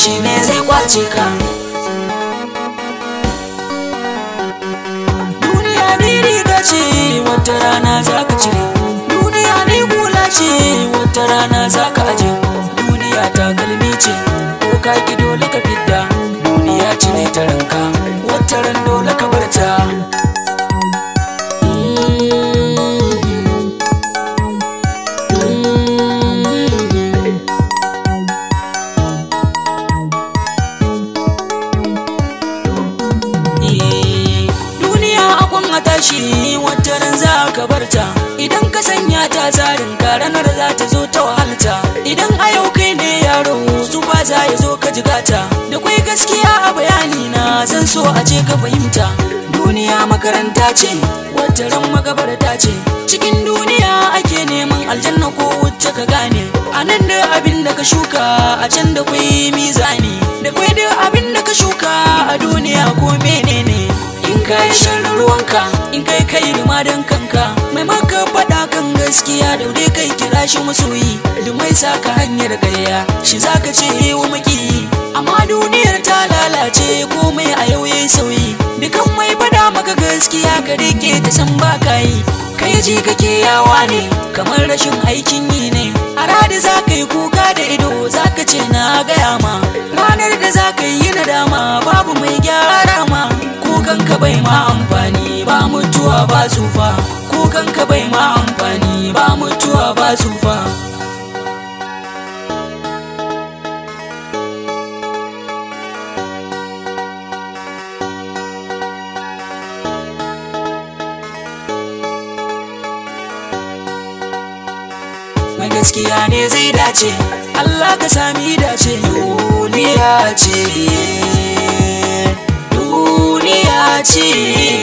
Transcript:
shi ne zai kwace ka duniya ni riga ce wata rana dunia cire duniya ni hula ce wata rana zaka ka aje duniya ce ko ka a tashi wata ran za ka barta idan ka sanya ta tsarin ka ranar za ta zo ta wahalta idan a yau kai ne yaro su ba za ya zo ka jigata da kwai gaskiya a bayani na zan so a ce ka fahimta duniya makaranta ce wata ran magabarta ce cikin duniya ake neman aljanna ko wuce ka gane a nan da abin da ka shuka a can da kwai mizani da kwai da abin da ka shuka a duniya ko kai shan ruwanka in kai kai rima don kanka mai maka faɗa kan gaskiya daure kai kira shi masoyi lumai saka hanyar gaya shi zaka ce eh wa maki amma duniyar ta lalace komai a yau yayi sauyi dukan mai faɗa maka gaskiya ka rike ta san ba ka yi kai ji kake yawa ne kamar rashin aikin yi ne a rada za ka yi kuka da ido za ka ce na gaya ma ranar da za ka yi nadama babu mai gyara kanka bai ma amfani ba mutuwa ba ku kanka bai ma amfani ba mutuwa ba tsufa mai gaskiya ne zai dace Allah ka sami dace yuliya ce 霸气。